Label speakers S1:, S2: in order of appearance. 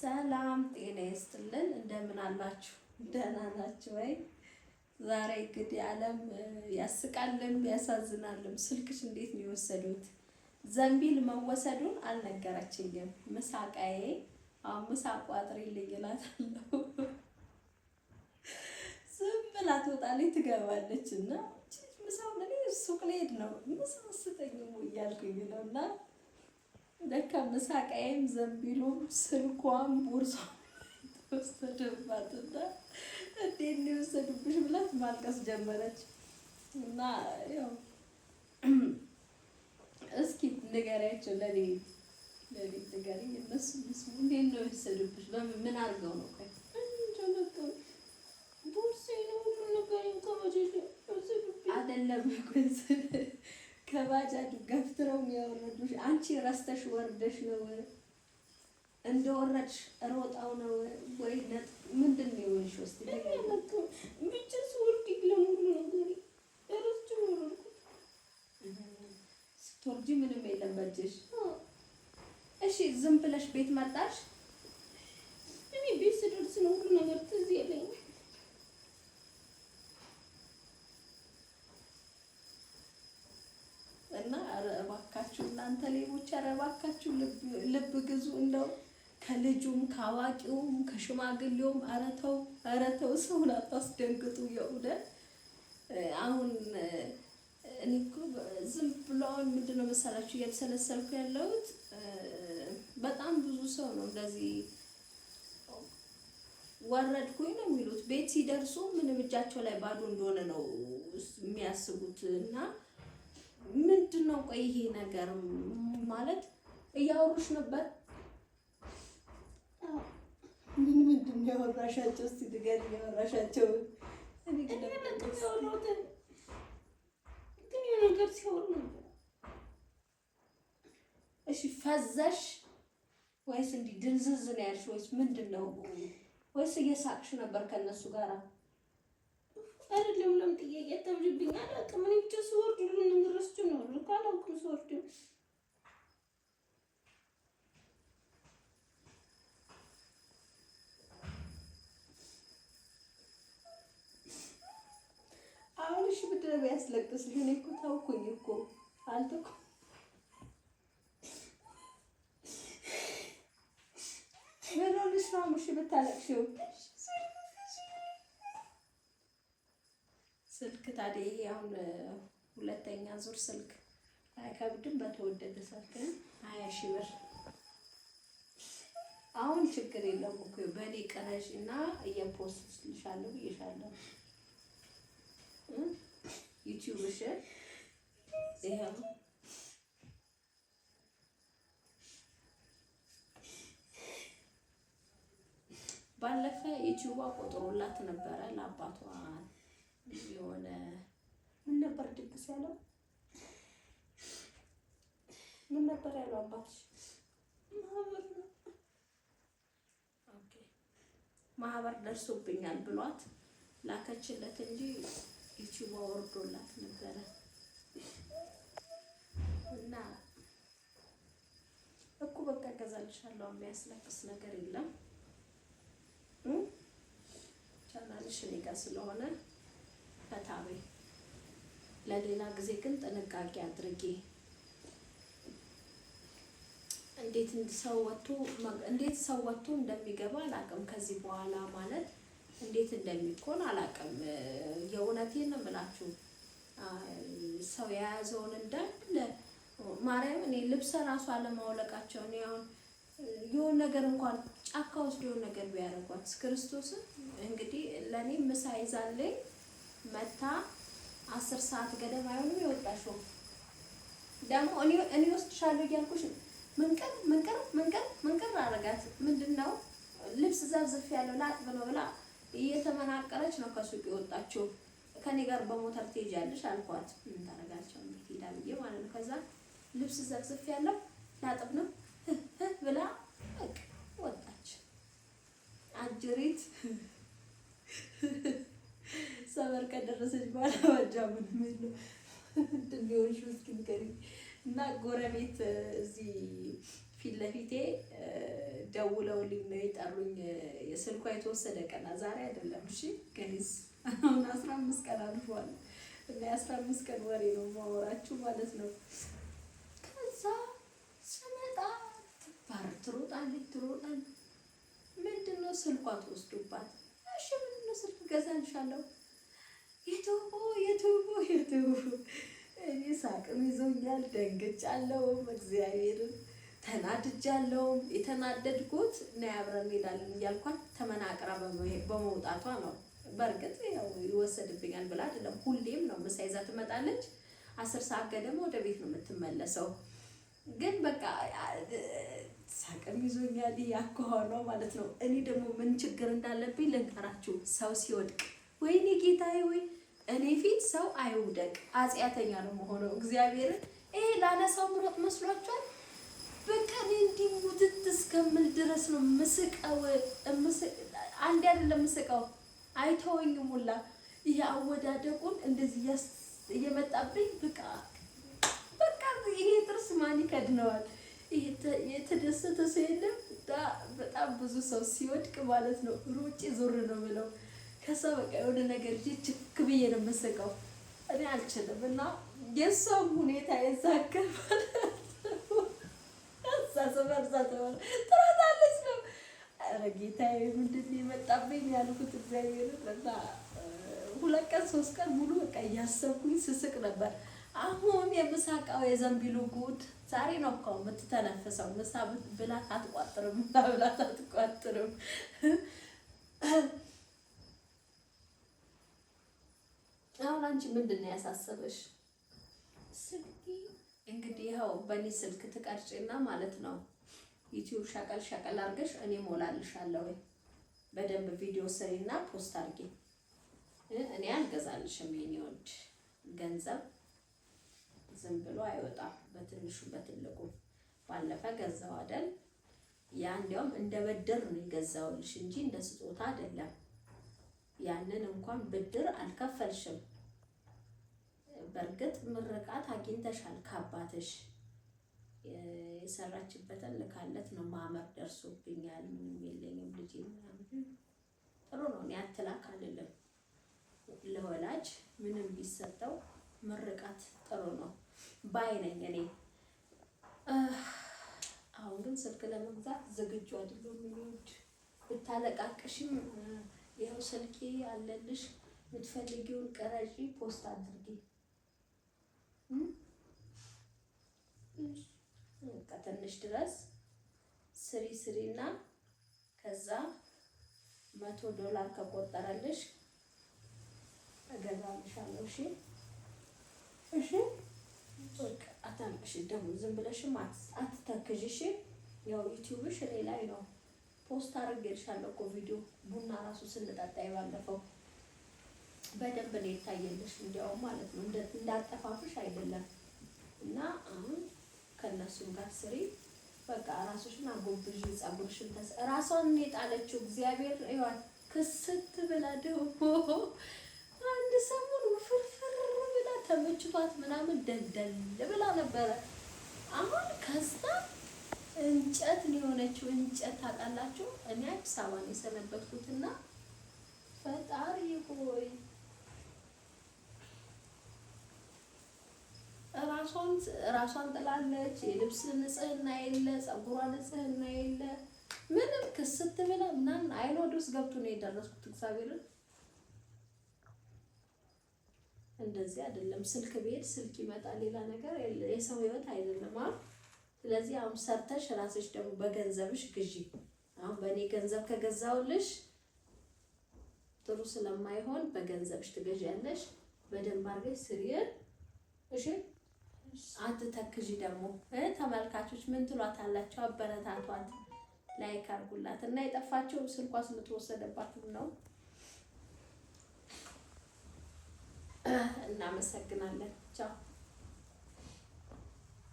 S1: ሰላም ጤና ይስጥልን። እንደምን አላችሁ? ደህና ናችሁ ወይ? ዛሬ እንግዲህ ዓለም ያስቃልም ያሳዝናልም። ስልክሽ እንዴት ነው የወሰዱት? ዘንቢል መወሰዱን አልነገረችኝም። ምሳቃዬ አሁን ምሳ ቋጥሪልኝ እላታለሁ። ዝም ብላ ትወጣለች ትገባለች እና ምሳውን እኔ ሱቅ ልሄድ ነው ምሳ ስጠኝ እያልኩኝ ነው እና ለካ ምሳቃዬም ዘንቢሎም ስልኳም ቦርሷ ተወሰደባትና እንዴት ነው ብላት ማልቀስ ጀመረች። እና ያው እስኪ ንገሪያቸው ለኔ ለኔ ንገሪ እነሱ ምስሙ እንዴት ነው የወሰዱብሽ? ምን አድርገው ነው?
S2: ቆይ ቦርሴ ነው ሁሉ ነገር
S1: አይደለም ከባጃጅ ገፍትረው የሚያወርዱሽ አንቺ ረስተሽ ወርደሽ ነው እንደወረድሽ ሮጣው ነው ወይ ነጥ ምንድን ነው የሆንሽ? ውስጥ
S2: ብቻ ስወርድ ለሙሉ ነገር ረስቼ ወረድኩ።
S1: ስትወርጂ ምንም የለም በእጅሽ። እሺ ዝም ብለሽ ቤት መጣሽ?
S2: እኔ ቤት ስደርስ ነው ሁሉ ነገር ትዝ ይለኛል።
S1: እናንተ ሌቦች ኧረ እባካችሁ ልብ ግዙ። እንደው ከልጁም ከአዋቂውም ከሽማግሌውም ኧረ ተው ኧረ ተው ሰውን አታስደንግጡ። የእውነት አሁን እኔ እኮ ዝም ብሎ አሁን ምንድን ነው መሰላችሁ እየተሰለሰልኩ ያለሁት በጣም ብዙ ሰው ነው እንደዚህ ወረድኩኝ ነው የሚሉት። ቤት ሲደርሱ ምንም እጃቸው ላይ ባዶ እንደሆነ ነው የሚያስቡት እና ምንድን ነው ቆይ ይሄ ነገር ማለት እያወሩሽ ነበር? ምን ምንድን ነው ያወራሻቸው? እስቲ ንገሪኝ። ያወራሻቸው
S2: እኔ ነገር ሲሆን ነበር።
S1: እሺ ፈዘሽ ወይስ እንዲህ ድንዝዝ ነው ያልሽ? ወይስ ምንድን ነው? ወይስ እየሳቅሽ ነበር ከእነሱ ጋራ?
S2: አይደለም ለም ጥያቄ አታብሪብኝ። አላውቅም እኔ ብቻ ስወርድ ሁሉንም ረስቼው ነው እኮ አላውቅም ስወርድ
S1: አሁን እሺ ብድረብ ያስለቅስ ሊሆን እኮ ታውኩኝ እኮ አንተ እኮ በለው ልስማም። እሺ ብታለቅሽው ስልክ ታዲያ ይሄ አሁን ሁለተኛ ዙር ስልክ አይከብድም። በተወደደ ስልክ ሀያ ሺህ ብር አሁን ችግር የለውም እኮ በእኔ ቀረሽ እና እየፖስት ልሻለሁ ብዬሻለሁ። ዩቲዩብሽ ይኸው ባለፈ ዩቲዩቧ ቆጥሮላት ነበረ ለአባቷ የሆነ
S2: ምን ነበር ድግስ ያለው? ምን ነበር ያለው አባትሽ? ማህበር ነው
S1: ማህበር ደርሶብኛል ብሏት ላከችለት እንጂ ዩቲዩብ ወርዶላት ነበረ እና እኮ በቃ እገዛልሻለሁ። የሚያስለቅስ ነገር የለም። ቻናልሽ እኔ ጋ ስለሆነ ፈታ በይ። ለሌላ ጊዜ ግን ጥንቃቄ አድርጊ። እንዴት ሰው ወጥቶ እንዴት ሰው ወጥቶ እንደሚገባ አላውቅም። ከዚህ በኋላ ማለት እንዴት እንደሚኮን አላውቅም። የእውነቴን ነው የምላችሁ። ሰው የያዘውን እንዳለ ማርያም፣ እኔ ልብስ ራሱ አለማውለቃቸው እኔ አሁን የሆን ነገር እንኳን ጫካ ውስጥ የሆን ነገር ቢያደርጓት ክርስቶስን እንግዲህ ለእኔ ምሳ ይዛለኝ መታ አስር ሰዓት ገደማ አይሆንም የወጣሽው። ደግሞ እኔ እኔ ወስድሻለሁ እያልኩሽ ምንቅር ምንቅር ምንቅር ምንቅር አረጋት። ምንድን ነው ልብስ ዘብዝፍ ያለው ላጥብ ነው ብላ እየተመናቀረች ነው ከሱቅ የወጣችው። ከኔ ጋር በሞተር ትሄጃለሽ አልኳት። ምን ታረጋቸው ሄዳ ብዬ ማለት ነው። ከዛ ልብስ ዘብዝፍ ያለው ላጥብ ነው ብላ ወጣች አጅሪት ሰበር ከደረሰች በኋላ ዋጃ ምንምሉ ቢሆንሽ ውስጥ ንገሪኝ እና ጎረቤት እዚህ ፊት ለፊቴ ደውለውልኝ ነው የጠሩኝ። የስልኳ የተወሰደ ቀና ዛሬ አይደለም እሺ፣ ገኒዝ አሁን አስራ አምስት ቀን አልፏል እና የአስራ አምስት ቀን ወሬ ነው ማወራችሁ ማለት ነው። ከዛ ስመጣ ትባር ትሮጣለች ትሮጣለች። ምንድነው ስልኳ ተወስዶባት? እሺ ምንድነው ስልክ ገዛልሻለሁ የትቡ የትቡ የትቡ እኔ ሳቅም ይዞኛል። ደንግጫለሁም እግዚአብሔርን ተናድጃለሁም። የተናደድኩት እና አብረን እንሄዳለን እያልኳት ተመናቅራ በመውጣቷ ነው። በእርግጥ ያው ይወሰድብኛል ብላ አይደለም፣ ሁሌም ነው። ምሳ ይዛ ትመጣለች። አስር ሰዓት ገደማ ወደ ቤት ነው የምትመለሰው። ግን በቃ ሳቅም ይዞኛል ያከሆነው ማለት ነው። እኔ ደግሞ ምን ችግር እንዳለብኝ ልንገራችሁ። ሰው ሲወድቅ ወይኔ ጌታዬ ወይ እኔ ፊት ሰው አይውደቅ። አጽያተኛ ነው መሆነው እግዚአብሔርን ይሄ ላነሳው ምሮጥ መስሏቸዋል። በቃ እኔ እንዲህ ውድት እስከምል ድረስ ነው ምስቀው አንድ አይደለም ምስቀው አይተወኝም ሁላ ይሄ እንደዚህ እየመጣብኝ በቃ በቃ ይሄ ጥርስ ማን ይከድነዋል? የተደሰተ ሰው የለም። በጣም ብዙ ሰው ሲወድቅ ማለት ነው ሩጭ ዞር ነው ብለው ከዛ በቃ የሆነ ነገር እ ችክ ብዬ ነው የምስቀው እኔ አልችልም። እና የእሷም ሁኔታ የዛከባል ትሮጣለች ነው ኧረ ጌታዬ ምንድን ነው የመጣብኝ ያልኩት እግዚአብሔር እና ሁለት ቀን ሶስት ቀን ሙሉ በቃ እያሰብኩኝ ስስቅ ነበር። አሁን የምሳቃው የዘንቢሉ ጉድ ዛሬ ነው እኮ የምትተነፍሰው። ምሳ ብላት አትቋጥርም፣ ብላት አትቋጥርም። አሁን አንቺ ምንድን ነው ያሳሰበሽ? ስልኪ እንግዲህ ይኸው በእኔ ስልክ ትቀርጭና ማለት ነው ዩቲዩብ ሸቀል ሸቀል አድርገሽ እኔ ሞላልሻለሁ። በደንብ ቪዲዮ ስሪና ፖስት አድርጊ። እኔ አልገዛልሽም። የኔ ወድ ገንዘብ ዝም ብሎ አይወጣም፣ በትንሹ በትልቁ። ባለፈ ገዛው አይደል? ያ እንዲያውም እንደ በደር ነው የገዛውልሽ እንጂ እንደ ስጦታ አይደለም። ያንን እንኳን ብድር አልከፈልሽም። በእርግጥ ምርቃት አግኝተሻል ከአባትሽ የሰራችበትን ልካለት ነው ማመር ደርሶብኛል፣ ምንም የለኝም ልጅ ምናምን ጥሩ ነው። እኔ አትላክ አልልም። ለወላጅ ምንም ቢሰጠው ምርቃት ጥሩ ነው ባይ ነኝ እኔ። አሁን ግን ስልክ ለመግዛት ዝግጁ አይደለሁም። ብታለቃቅሽም ይኸው ስልኪ አለልሽ፣ የምትፈልጊውን ቀረጪ ፖስት አድርጊ። በቃ ትንሽ ድረስ ስሪ ስሪ እና ከዛ መቶ ዶላር ከቆጠረልሽ እገዛልሻለሁ። እሺ እሺ። በቃ አታምቅሽ ደግሞ ዝም ብለሽም አትተክዥ። እሺ ያው ዩቲዩብሽ ሌላ ነው። ፖስት አድርጌልሻለሁ እኮ ቪዲዮ ቡና ራሱ ስንጠጣ የባለፈው በደንብ ነው የታየልሽ። እንዲያውም ማለት ነው እንዳጠፋፍሽ አይደለም። እና አሁን ከእነሱም ጋር ስሪ በቃ ራስሽን አጎብዥ፣ ጸጉርሽን ተስ ራሷን የጣለችው። እግዚአብሔር ይዋል ክስት ብላ ደግሞ አንድ ሰሞን ፍርፍር ብላ ተመችቷት ምናምን ደልደል ብላ ነበረ አሁን ከዛ እንጨት ሊሆነችው የሆነችው። እንጨት ታውቃላችሁ? እኔ አዲስ አበባ ነው የሰነበትኩትና ፈጣሪ ሆይ ራሷን ራሷን ጥላለች። የልብስ ንጽህና የለ፣ ጸጉሯ ንጽህና የለ፣ ምንም ክስት ብላ ምናምን አይኖዶስ ገብቶ ነው የደረስኩት። እግዚአብሔርን እንደዚህ አይደለም። ስልክ ቤት ስልክ ይመጣል፣ ሌላ ነገር የሰው ህይወት አይደለም። ስለዚህ አሁን ሰርተሽ ራስሽ ደግሞ በገንዘብሽ ግዢ። አሁን በእኔ ገንዘብ ከገዛውልሽ ጥሩ ስለማይሆን በገንዘብሽ ትገዣለሽ። በደንብ አድርገሽ ስሪን። እሺ አትተክዢ። ደግሞ ተመልካቾች ምን ትሏት አላቸው? አበረታቷት፣ ላይክ አድርጉላት እና የጠፋቸው ስልኳስ የምትወሰደባትም ነው። እናመሰግናለን። ቻው